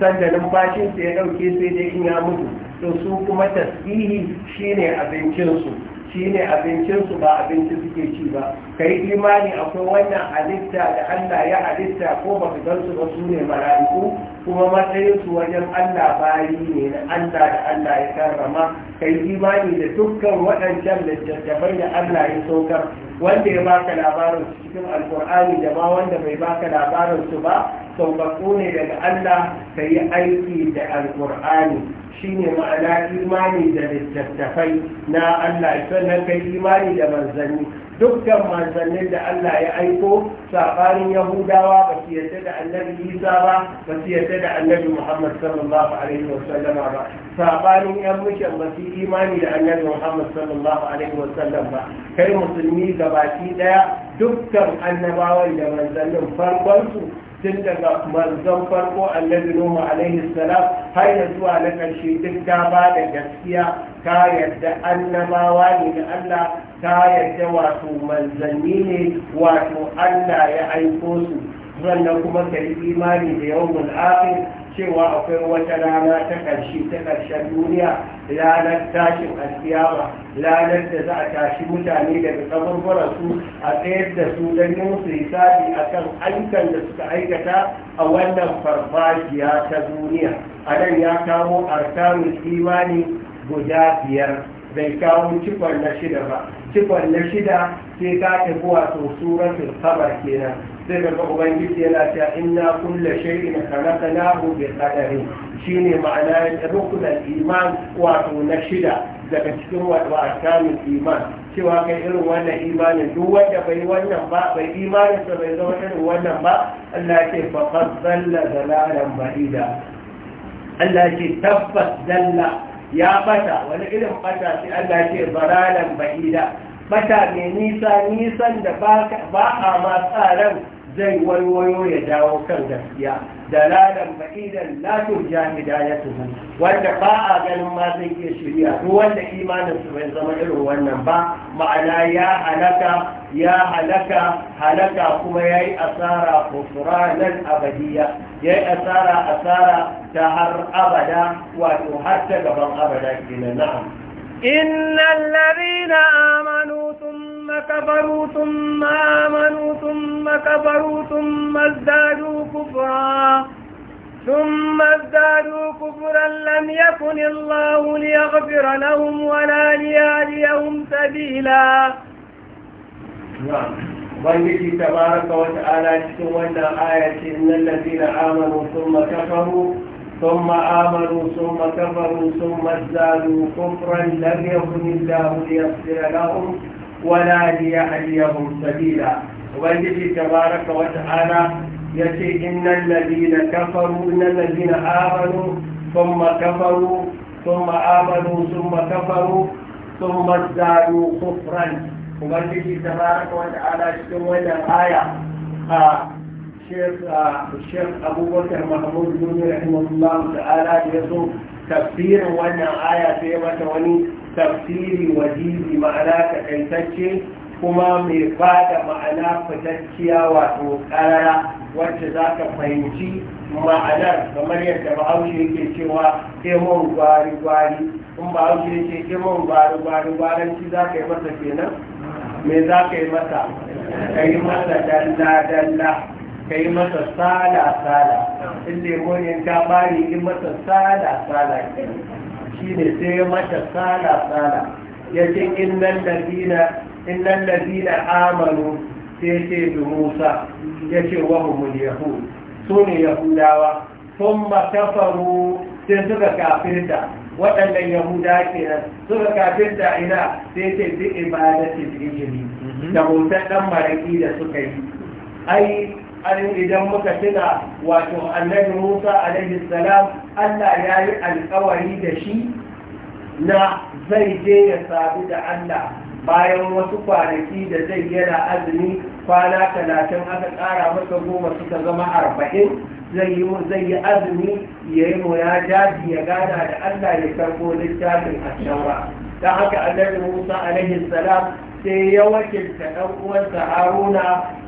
sanda numfashinsa ya ɗauke sai dai in ya mutu to su kuma tasbihi shine abincinsu shine abincinsu ba abinci suke ci ba kai imani akwai wannan halitta da Allah ya halitta ko ba ka gansu ba su ne mala'iku kuma matsayinsu wajen Allah bayi ne na Allah da Allah ya karrama kai imani da dukkan waɗancan littattafai da Allah ya saukar wanda ya baka labarin su cikin alkur'ani da ma wanda bai baka labarin su ba sauƙaƙo ne daga Allah ka yi aiki da alkur'ani shine ma'ana imani da littattafai na Allah sannan kai imani da manzanni dukkan manzannin da Allah ya aiko sabanin yahudawa ba su yarda da annabi Isa ba ba su yarda da annabi Muhammad sallallahu alaihi wa sallama ba sabanin yan mushan ba su imani da annabi Muhammad sallallahu alaihi wa sallam ba kai musulmi gabaki daya dukkan annabawan da manzannin farkon su tun daga manzon farko annabi nuhu alaihi salam har ya zuwa na karshe duk ta ba da gaskiya ka yarda annabawa ne da Allah ka yarda wato manzanni ne wato Allah ya aiko su sannan kuma ka yi imani da yawmul akhir cewa akwai wata rana ta ƙarshe ta ƙarshen duniya ranar tashin alkiyama ranar da za a tashi mutane daga su, a tsayar da su don yi su hisabi a kan ayyukan da suka aikata a wannan farfajiya ta duniya a nan ya kawo arkanun imani guda biyar bai kawo cikon na shida ba cikon na shida sai ka kuwa wato suratul khabar kenan sai ga gizi yana cewa inna kulla shay'in khalaqnahu bi Shi shine ma'ana rukunul iman wato na shida daga cikin wato arkanul iman cewa kai irin wannan imanin duk wanda bai wannan ba bai imanin sa bai zama irin wannan ba Allah ke ce fa qad dalla ba'ida Allah ke ce tabbas dalla ya bata wani irin bata sai Allah ke ce ba'ida bata nisa nisan da ba a ma tsaran zai wayoyo ya dawo kan gaskiya dalalan ba'idan jami'a turja hidayatuhu wanda ba a ganin ma zai iya shirya duk wanda imanin su bai zama irin wannan ba ma'ana ya halaka ya halaka halaka kuma yayi asara kufranan abadiya yayi asara asara ta har abada wato har ta gaban abada kenan na'am إن الذين آمنوا ثم كفروا ثم آمنوا ثم كفروا ثم ازدادوا كفرا ثم ازدادوا كفرا لم يكن الله ليغفر لهم ولا ليهديهم سبيلا ubangiji نعم. tabaraka تبارك وتعالى cikin آية إن الذين آمنوا ثم كفروا ثم آمنوا ثم كفروا ثم ازدادوا كفرا لم يكن الله ليغفر لهم ولا ليهديهم سبيلا وبنجي تبارك وتعالى يتي إن الذين كفروا إن الذين آمنوا ثم كفروا ثم آمنوا ثم كفروا ثم ازدادوا كفرا وبنجي تبارك وتعالى شكوى الآية آه الشيخ أبو بكر محمود بن رحمه الله تعالى يسوع تفسير وانا آية في وتوني تفسير وجيز معنى kuma mai ba da ma'ana fitacciya wato karara wacce za ka fahimci ma'anar kamar yadda bahaushe yake cewa kemon gwari gwari in bahaushe yake kemon gwari gwari gwaranci za masa kenan ka yi masa sala-sala in lemoniyan ta bari yi masa sala-sala shi ne sai ya mata sala-sala ya ce in nan innan lalina amanu sai ce da musa ya ce wa mu yahud su ne yahudawa sun makafaru sai suka kafinta waɗannan yahuda kenan suka kafinta ina sai ce bi ibadatin ijini da hoton ɗan maraƙi da suka yi ai an idan muka tuna wato annabi musa alaihi salam allah ya yi alkawari da shi na zai je ya sabu da allah bayan wasu kwanaki da zai yana azumi kwana talatin aka ƙara masa goma suka zama arba'in zai yi azumi ya yi ya jaji ya gana da allah ya karɓo littafin a shawara don haka annabi musa alaihi salam sai ya wakilta ɗan uwansa haruna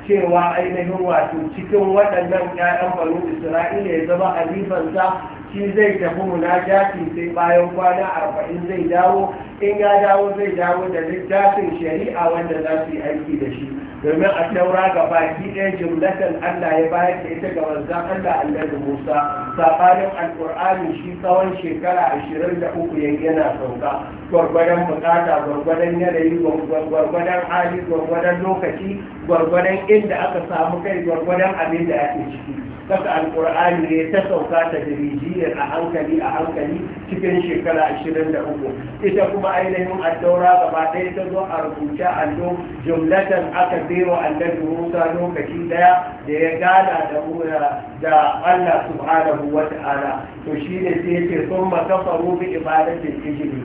cewa ainihin wato cikin waɗannan ƴaƴan banu isra'ila ya zama halifansa shi zai tafi munajati sai bayan kwana arba'in zai dawo in ya dawo zai dawo da littafin shari'a wanda za su yi aiki da shi domin a taura ga baki ɗaya jimlatan Allah ya bayar da ita ga manzan Allah Allah Musa sabanin alƙur'ani shi tsawon shekara ashirin da uku yana sauka gwargwadon bukata gwargwadon yanayi gwargwadon hali gwargwadon lokaci gwargwadon inda aka samu kai gwargwadon abin da ake ciki kasa alkur'ani ne ta sauka ta dirijiyar a hankali a hankali cikin shekara 23 ita kuma ainihin addaura gaba ɗaya ta zo a rubuce allo jumlatan aka bewa annabi musa lokaci daya da ya gana da da allah subhanahu wa ta'ala to shi ne sai ce sun makafaru bi ibadatin ijiri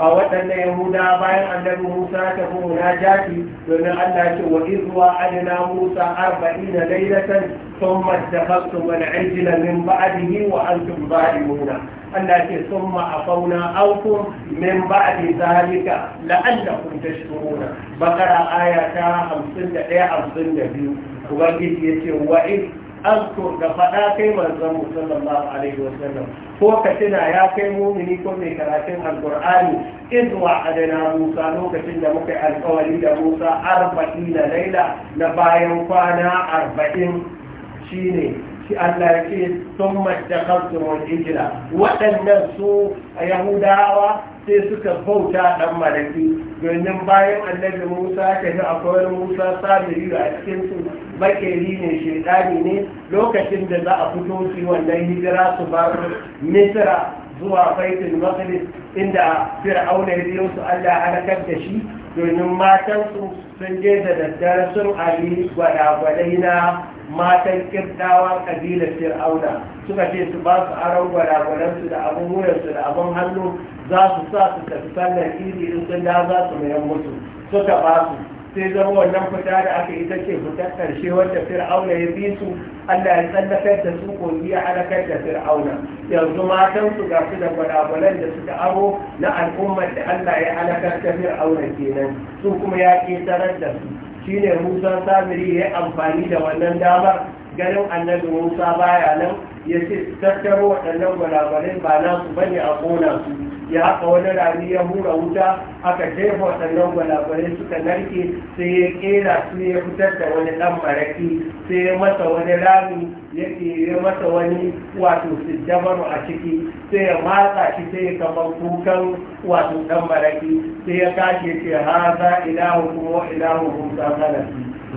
أو أن يهودا بين أن موسى كفر مناجاتي لأن الله شو إذ وعدنا موسى أربعين ليلة ثم اتخذتم العجل من بعده وأنتم ظالمون التي ثم عفونا أوكم من بعد ذلك لأنكم تشكرون بقرة آية خمسين وإذ azkur ga faɗa kai manzon mu sallallahu alaihi wasallam ko ka tuna ya kai mumini ko mai karatun alqur'ani in wa adana musa lokacin da muka alƙawari da musa arba'in na laila na bayan kwana arba'in shine Allah ya ce sun matakastun wajejira waɗannan su a yahudawa sai suka bauta ɗan malaki domin bayan annabi musa ta yi akwai musa samiri a cikin su bakeri ne shaidani ne lokacin da za a fito su wannan hijira su su misra zuwa baitul maqdis inda fir'auna ya biyo su Allah halakar da shi domin matansu sun je da daddare sun ali gwada-gwadai na matan kirdawa kabilar fir'auna suka ce su ba su aron gwaragwaransu da abin wuyansu da abin hannu za su sa su tafi sannan iri in sun da za su mayan mutu suka ba su sai zama wannan fita da aka ita ce fitar karshe wadda fir'auna ya bi su allah ya tsallakar da su kogi ya da fir'auna yanzu matan su ga su da gwalagwalan da suka aro na al'ummar da allah ya halakar da fir'auna kenan su kuma ya ƙetarar da su Shi ne musa samiri ya amfani da wannan damar ganin annabi musa baya nan ya ce tattaro waɗannan gwalagwalin ba na nasu bane a kona su ya haka wani rami ya hura wuta aka jefa waɗannan gwalagwalin suka narke sai ya ƙera, su ya fitar da wani ɗan maraki sai ya masa wani rami ya ƙere masa wani wato sujjabaru a ciki sai ya matsa shi sai ya kamar kukan wato ɗan maraki sai ya kashe ce ha za ilahu kuma wa ilahu kuma sa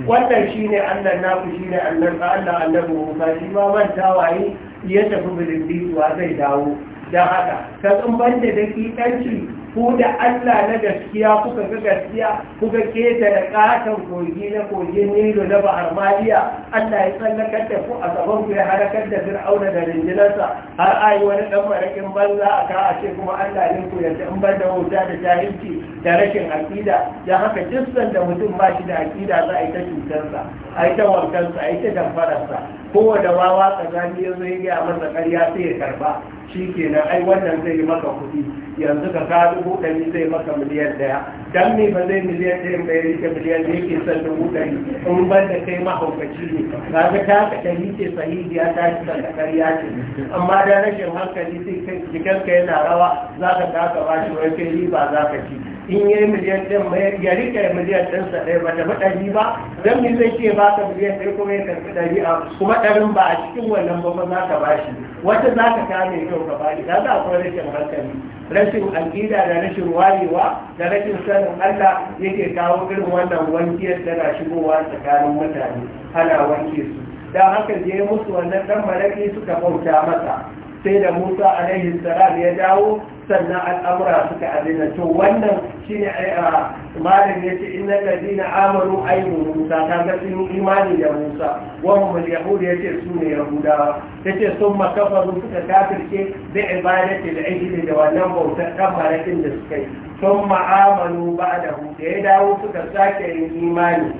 wannan shi ne na naku shi ne annan Allah annabi Musa shi ma manta waye ya tafi bilin zai dawo don haka ka tsumban da dakikanci. ku da Allah na gaskiya kuka ga gaskiya kuka keta da katon kogi na kogin Nilo na Bahar Maliya Allah ya tsallakar da ku a gaban ku ya harakar da Fir'auna da rindinarsa har ayi wani dan marakin banza a ka a ce kuma Allah ne ku yarda in bar da wuta da jahilci da rashin aqida ya haka dukkan da mutum ba shi da aqida za a yi ta cutarsa a yi ta wankansa a yi ta damfararsa kowane wawa tsakani ya zo ya gaya masa ƙarya sai ya karba shi kenan ai wannan zai yi maka kuɗi yanzu ka ka dubu ɗari zai maka miliyan ɗaya dan me ba zai miliyan ɗaya bai rike miliyan ɗaya ke san dubu ɗari in ban da kai mahaukaci ne ka ga ta ka ɗari ce sahihiya ta ci sanda ƙarya ce amma da rashin hankali sai jikinka yana rawa za ka taka ba shi wai kai riba za ka ci in ya yi miliyan ɗin ya rike miliyan ɗin sa ɗaya ba ta ɗari ba dan me zai ce ba ka miliyan ɗaya kuma ya karɓi ɗari a kuma ɗarin ba a cikin wannan ba za ka ba shi wata za ka kame kyau ka faɗi ka za akwai rashin hankali rashin aƙida da rashin wayewa da rashin sanin Allah yake kawo irin wannan wankiyar tana shigowa tsakanin mutane ana wanke su dan haka je musu wannan dan malaki suka bauta masa sai da musa alaihi salam ya dawo sannan al'amura suka azina to wannan shine eh, ah, malin ya ce inna na amanu ayyun musa ta ga imani da musa wa hum yahud ya ce su ne yahudawa ya ce sun makafaru suka kafirce da ibadati da aiki da wannan bautar kamarakin da suka yi sun ma'amanu ba da ya dawo suka sake yin imani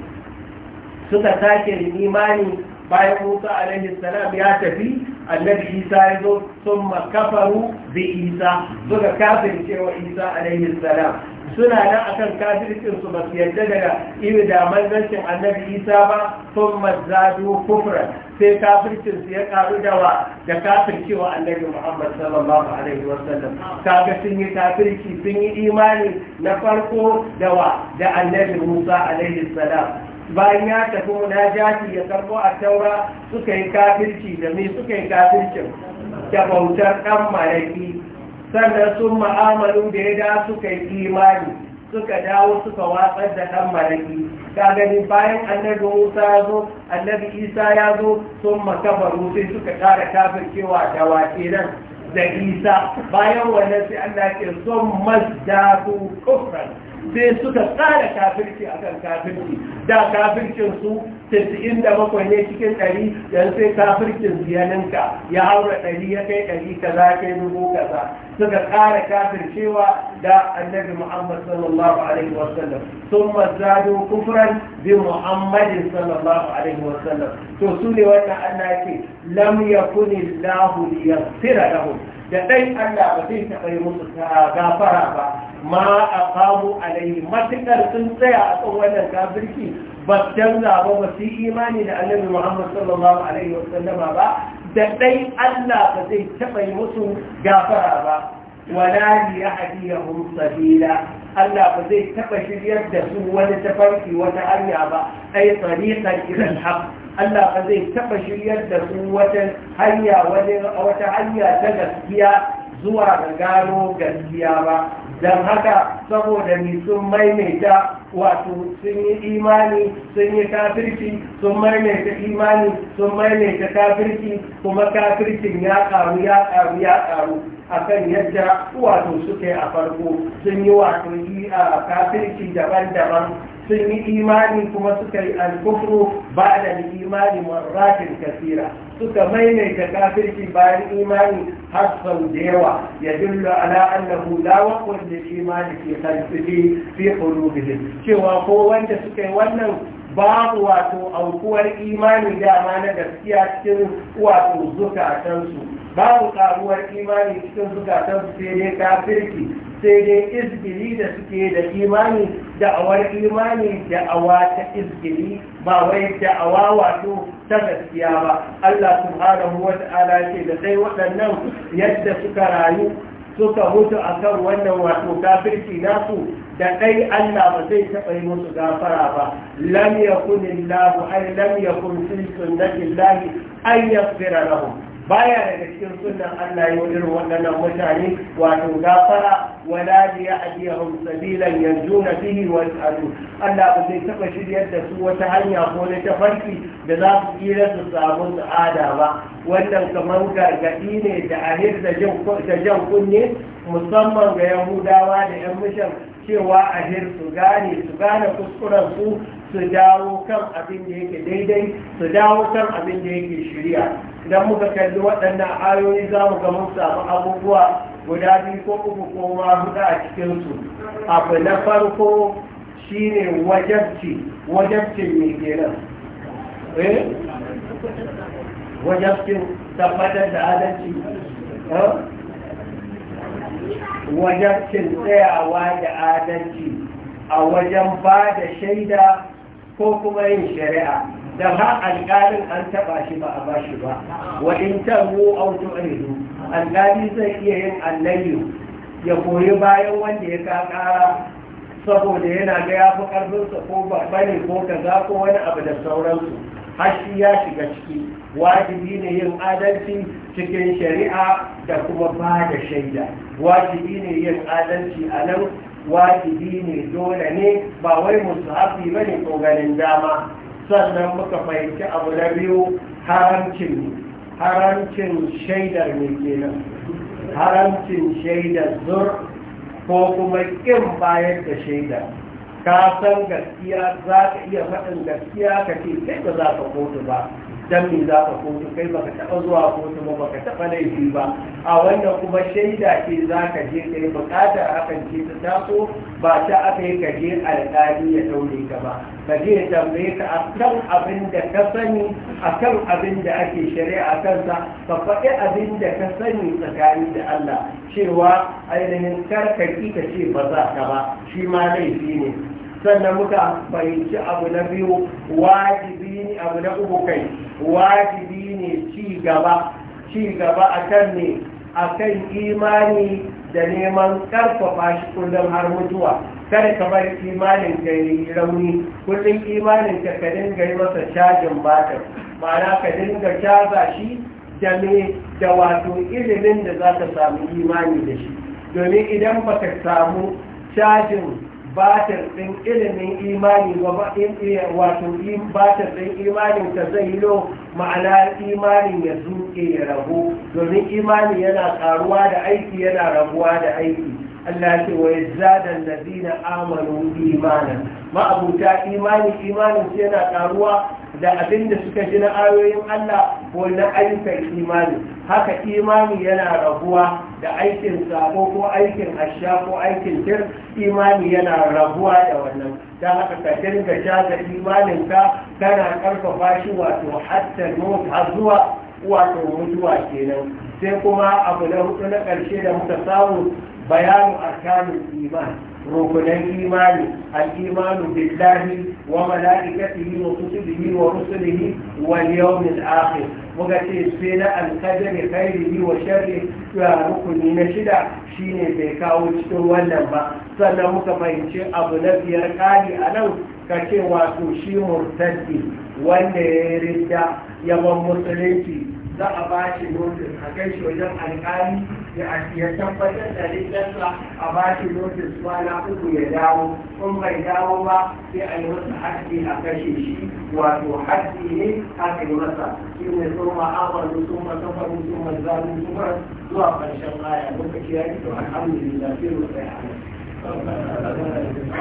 suka sake yin imani bayan Musa alaihi salam ya tafi annabi Isa ya zo sun makafaru bi Isa suka kafin cewa Isa alaihi salam suna nan akan kafircinsu su ba su yarda daga iri da manzancin annabi Isa ba sun mazadu kufra sai kafircin su ya karu da wa da kafin cewa annabi Muhammad sallallahu alaihi wasallam kaga sun yi kafirci sun yi imani na farko da wa da annabi Musa alaihi salam bayan ya tafi jaki ya karbo a taura suka yi kafirci da mai suka yi kafircin ta bautar ɗan malaki, sannan sun ma'amalu da ya da suka yi imani suka dawo suka watsar da ɗan malaki. ta gani bayan annabi musa ya zo annabi isa ya zo sun makabaru sai suka ƙara kafircewa da wace nan da isa bayan wannan sai allah ke sun mazdaku kufran sai suka tsara kafirci akan kafirci da kafircin su 97 ne cikin 100 dan sai ya ninka, ya haura 100 ya kai 100 kaza kai dubu kaza suka tsara kafircewa da annabi Muhammad sallallahu alaihi wasallam sun zadu kufuran bi Muhammadin sallallahu alaihi wasallam to su ne wannan Allah yake lam yakun Allah liyaghfira lahum da dai Allah ba zai taɓa yi musu gafara ba ma a samu alaihi matuƙar sun tsaya a kan wannan kafirki ba canza ba ba su imani da annabi Muhammad sallallahu alaihi wa sallama ba da dai Allah ba zai taɓa yi musu gafara ba wala li yahdihum sabila Allah ba zai taɓa shiryar da su wani tafarki wata hanya ba ai tariqan ila al-haqq Allah ba zai taɓa shiryar da su wata hanya wata hanya ta gaskiya zuwa ga gano gaskiya ba don haka saboda ni sun maimaita wato sun yi imani sun yi kafirci sun maimaita imani sun maimaita kafirci kuma kafircin ya karu ya karu ya karu akan yadda wato suke a farko sun yi wato yi a kafirci daban-daban sun yi imani kuma suka yi alkufru ba da imani marakin kasira suka maimaita kafirci bayan imani har sau da yawa ya dillo ala annahu la waqul lil imani fi qalbihi fi qulubihim cewa ko wanda suka yi wannan babu wato aukuwar imani dama na gaskiya cikin wato zukatansu babu karuwar imani cikin zukatansu sai dai kafirci sai dai izgiri da suke da imani da'awar imani da'awa ta izgili ba wai da'awa wato ta gaskiya ba Allah subhanahu wa ta'ala ce da sai waɗannan yadda suka rayu suka mutu kan wannan wato kafirci nasu da kai Allah ba zai taɓa yi musu gafara ba lam yakun illahu ay lam yakun fi sunnati llahi ay yaghfira lahum baya daga cikin sunan Allah ya waɗannan mutane wato gafara wala li ya'dihum sabilan yanjuna bihi wa yas'alu Allah ba zai taba shiryar da su wata hanya ko na tafarki da za su tsira su samu sa'ada ba wannan kamar gargadi ne da ahir da jan kunne musamman ga Yahudawa da 'yan mishan cewa ahir su gane su gane kuskuren su su dawo kan abin da yake daidai su dawo kan abin da yake shirya idan muka kalli waɗannan ayoyi za mu ga mun samu abubuwa guda biyu ko uku ko ma huɗu a cikinsu abu na farko ne wajabci wajabcin mai kenan eh? wajabcin tabbatar da adalci eh? wajabcin tsayawa da adalci a wajen ba da shaida ko kuma yin shari'a da ba alƙalin an taɓa shi ba a ba shi ba wa in tabu aw tu'idu alƙali zai iya yin annayi ya koyi bayan wanda ya kakara saboda yana ga ya fi ƙarfinsa ko ne ko kaza ko wani abu da sauransu har shi ya shiga ciki wajibi ne yin adalci cikin shari'a da kuma ba da shaida wajibi ne yin adalci a nan wajibi ne dole ne ba wai musu hafi ba ne ganin dama sannan muka fahimci abu na biyu haramcin ne haramcin shaidar ne kenan haramcin shaidar zur ko kuma ƙin bayar da shaidar ka san gaskiya za ka iya faɗin gaskiya ka ce sai ba za ka kotu ba dan za ka kotu kai baka taɓa zuwa kotu ba baka taɓa laifi ba a wannan kuma shaida ce za ka je ka yi buƙatar hakan ce ta taso ba ta aka yi ka je alƙali ya daure ka ba ka je ya tambaye ka a kan abin da ka sani a kan abin da ake shari'a kansa ka faɗi abin da ka sani tsakani da Allah cewa ainihin karkaki ka ce ba za ka ba shi ma laifi ne sannan muka fahimci abu na biyu wajibi ne abu na uku kai wajibi ne ci gaba ci gaba akan ne kan imani da neman karfafa shi kullum har mutuwa kada ka bar imanin ka yi rauni kullum imanin ka ka dinga yi masa cajin batar ma'ana ka dinga caza shi da me da wato ilimin da za ka samu imani da shi domin idan ba ka samu cajin Batir ɗin ilimin imani wato batir ɗin imanin ta zai lo ma'ana imanin ya zuke ya rabu domin imani yana ƙaruwa da aiki yana rabuwa da aiki Allah ce wa zadan lazina amanu imanin. ma'abuta imani imanin yana ƙaruwa da abin da suka ji na ayoyin Allah ko na ayyukan imani haka imani yana rabuwa da aikin sako ko aikin asha ko aikin tir imani yana rabuwa da wannan ta haka ka dinga jaga imaninka kana karfafa shi wato hatta har zuwa wato mutuwa kenan sai kuma abu na hudu na karshe da muka samu bayanu arkanin iman rukunan imani al-imanu billahi wa mala'ikatihi wa kutubihi wa rusulihi wa yawmil akhir muka ce sai na alkadari khairihi wa sharri rukuni na shida shine bai kawo cikin wannan ba sannan muka fahimci abu na biyar kali a nan ka ce wato shi murtaddi wanda ya yi ridda ban musulunci za a ba shi notice a kai shi wajen alƙali ya tabbatar da rikarsa a ba shi notice kwana uku ya dawo in bai dawo ba sai a yi masa haɗi a kashe shi wato haɗi ne aka yi masa shi ne sun ma'amalu sun masafaru sun mazalu sun mara zuwa ƙarshen aya lokaci ya yi to alhamdulillah sai mu tsaya